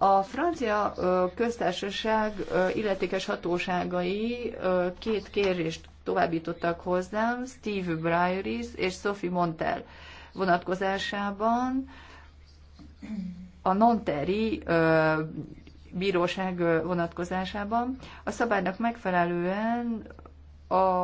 A francia köztársaság illetékes hatóságai két kérést továbbítottak hozzám, Steve Briaris és Sophie Montel vonatkozásában a Nonteri bíróság vonatkozásában. A szabálynak megfelelően a